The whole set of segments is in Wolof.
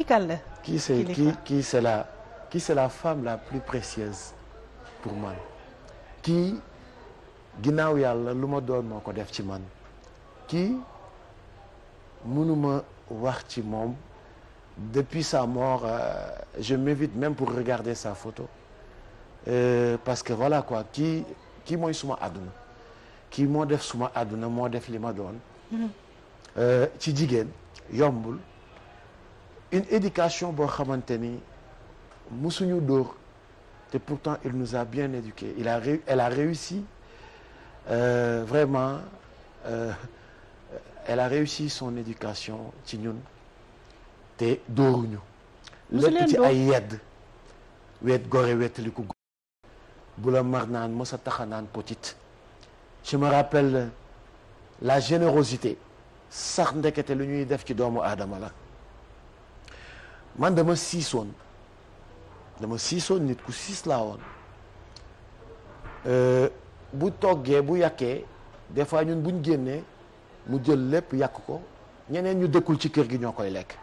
ki kan kii c'est kii kii c'est la kii c'est la femme la plus précieuse pour man kii ginnaaw yàlla lu ma doon moo ko def ci man kii mënuma wax ci moom depuis sa mort euh, je m'évite même pour regarder sa photo euh, parce que voilà quoi kii kii mooy suma àdduna kii moo def suma àdduna moo def li ma doon. Mm-hmm. Euh, ci jigéen yombul. une éducation boo xamante ni musuñu dóor te pourtant il nous a bien éduqués il a elle réussi euh, vraiment euh, elle a réussi son éducation ci ñun te dóoruñu lépp ci ay yedd weet gore wettaliku go bu la mar naan mosa taxa naan petit je me rappelle la générosité sax ndekete lu ñuy def ci doomu aadama la man dama siis woon dama siis woon nit ku siis laa woon euh, bu toggee bu yàkkee des fois ñun buñ génnee mu jël lépp yàkk ko ñeneen ñu dëkkul ci kër gi ñoo koy lekk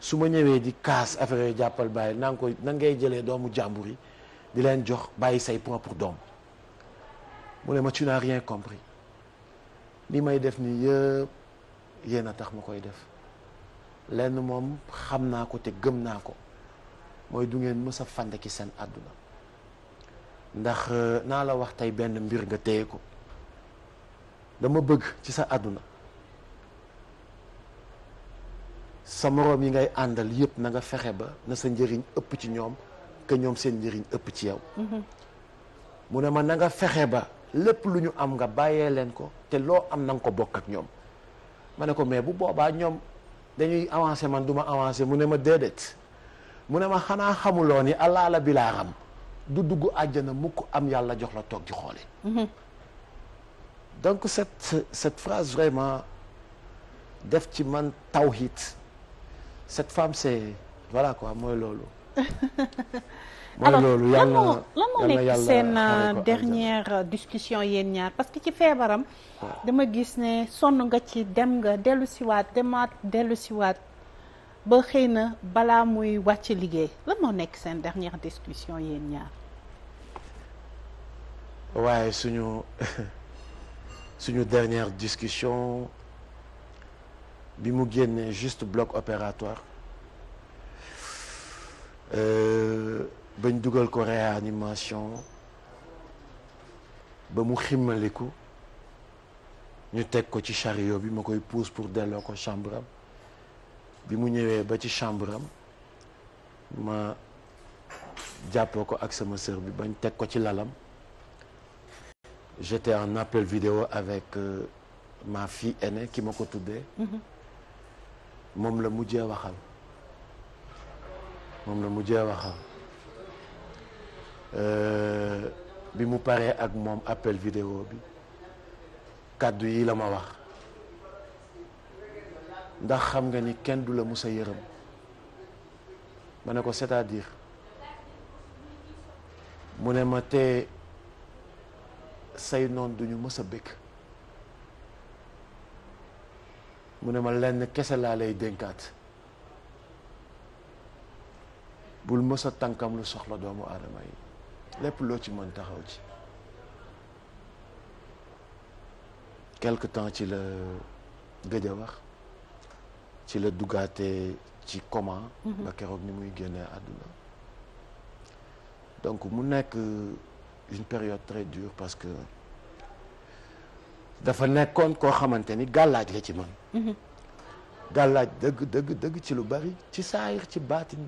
su ma ñëwee di kaas affaire yooyu jàppal bàyyi naa ngi koy ngay jëlee doomu jàmbur yi di leen jox bàyyi say propre doom mu ne ma tu n'as rien compris li may def nii yëpp yéen a tax ma koy def lenn moom xam naa ko te gëm naa ko mooy du ngeen mësa a seen àdduna ndax euh, naa la wax tey benn mbir nga téye ko dama bëgg ci sa àdduna sa moroom yi ngay àndal yépp na nga fexe ba na sa njëriñ ëpp ci ñoom que ñoom seen njëriñ ëpp ci yow mm-hmm. mu ne ma na nga fexe ba lépp lu ñu am nga bàyyee leen ko te loo am na nga ko bokk ak ñoom ma ne ko mais bu boobaa ñoom dañuy avancer man du ma avancer mu ne ma déedéet mu ne ma xanaa xamuloo ni allah la bilaa xam du dugg àjjana mukk am yàlla jox la toog ci xoole mhm. donc cette cette phrase vraiment def ci man tawhid cette femme c'est voilà quoi mooy loolu alors lan moo lan moo nekk seen euh, dernière euh, discussion yéen ñaar parce que ci feebaram ah. dama gis ne sonn nga ci dem nga dellu siwaat demaat dellu siwaat ba xëy na balaa muy wàcc liggéey lan moo nekk seen dernier discussion yéen ñaar waaye suñu suñu dernière discussion bi mu génnee juste bloc opératoire euh, bañ dugal ko réanimation ba mu ximmaliku ñu teg ko ci chariot bi ma koy pousse pour delloo ko chambre am bi mu ñëwee ba ci chambre am ma jàppoo ko ak sama sœur bi bañ teg ko ci lalam j'étais en appel vidéo avec euh, ma fille aînée ki ma ko tuddee mhm. moom la mujjee waxal moom la mujjee waxal Euh, bi mu paree ak moom appel vidéo bi kàddu yi la ma wax ndax xam nga ni kenn du la musa yërëm ma ne ko cest à mu ne ma te say noon duñu mës a bëgg mu ne ma lenn kese laa lay dénkaat bul mësa a lu soxla doomu aadama yi lépp loo ci mën taxaw ci quelque temps ci la gëj a ci la duggaatee ci comment mhm. ba keroog ni muy génnee àdduna donc mu nekk une période très dure parce que dafa nekkoon koo xamante ni gàllaaj la ci man mhm. gàllaaj dëgg dëgg dëgg ci lu bari ci saayir ci baatin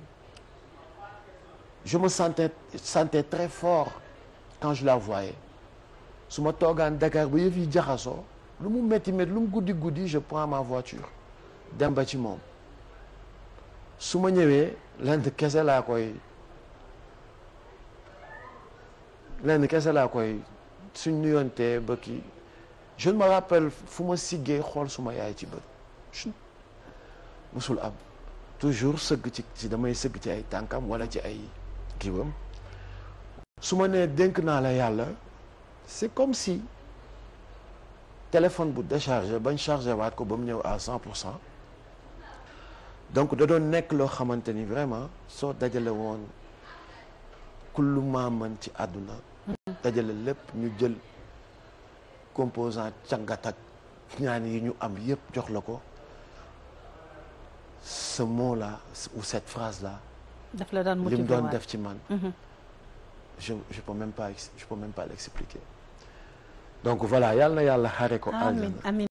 je me sentais très fort quand je la voyais su ma toogaan Dakar ba yëf yi jaxasoo lu mu métti métti lu mu guddi guddi je prends ma voiture dem ba ci moom su ma ñëwee lenn kese laa koy lenn kese laa koy suñ nuyontee ba kii je me fu ma siggee xool suma yaay ci bët musul am toujours sëgg ci ci damay sëgg ci ay tànkam wala ci ay kiiwam su ma nee dénk naa la yàlla c'est comme si téléphone bu déchargé bañ chargé waat ko ba mu ñëw à cent donc da doon nekk loo xamante ni vraiment soo dajale woon kullu maa mën ci àdduna dajale lépp ñu jël composant cangatak ak ñaan yi ñu am yëpp jox la ko ce mot là ou cette phrase là daf la daan motiver li mu doon def ci man. Mhm. je je peux même pas je peux même pas l'expliquer donc voilà yal na yàlla xare ko. amiin amiin